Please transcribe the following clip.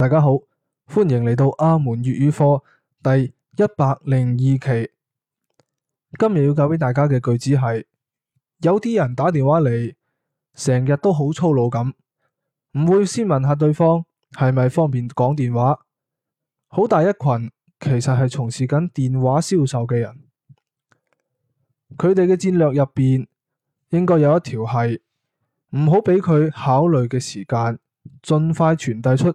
大家好，歡迎嚟到阿門粵語課第一百零二期。今日要教俾大家嘅句子係：有啲人打電話嚟，成日都好粗魯咁，唔會先問下對方係咪方便講電話。好大一群，其實係從事緊電話銷售嘅人。佢哋嘅戰略入邊，應該有一條係，唔好俾佢考慮嘅時間，盡快傳遞出，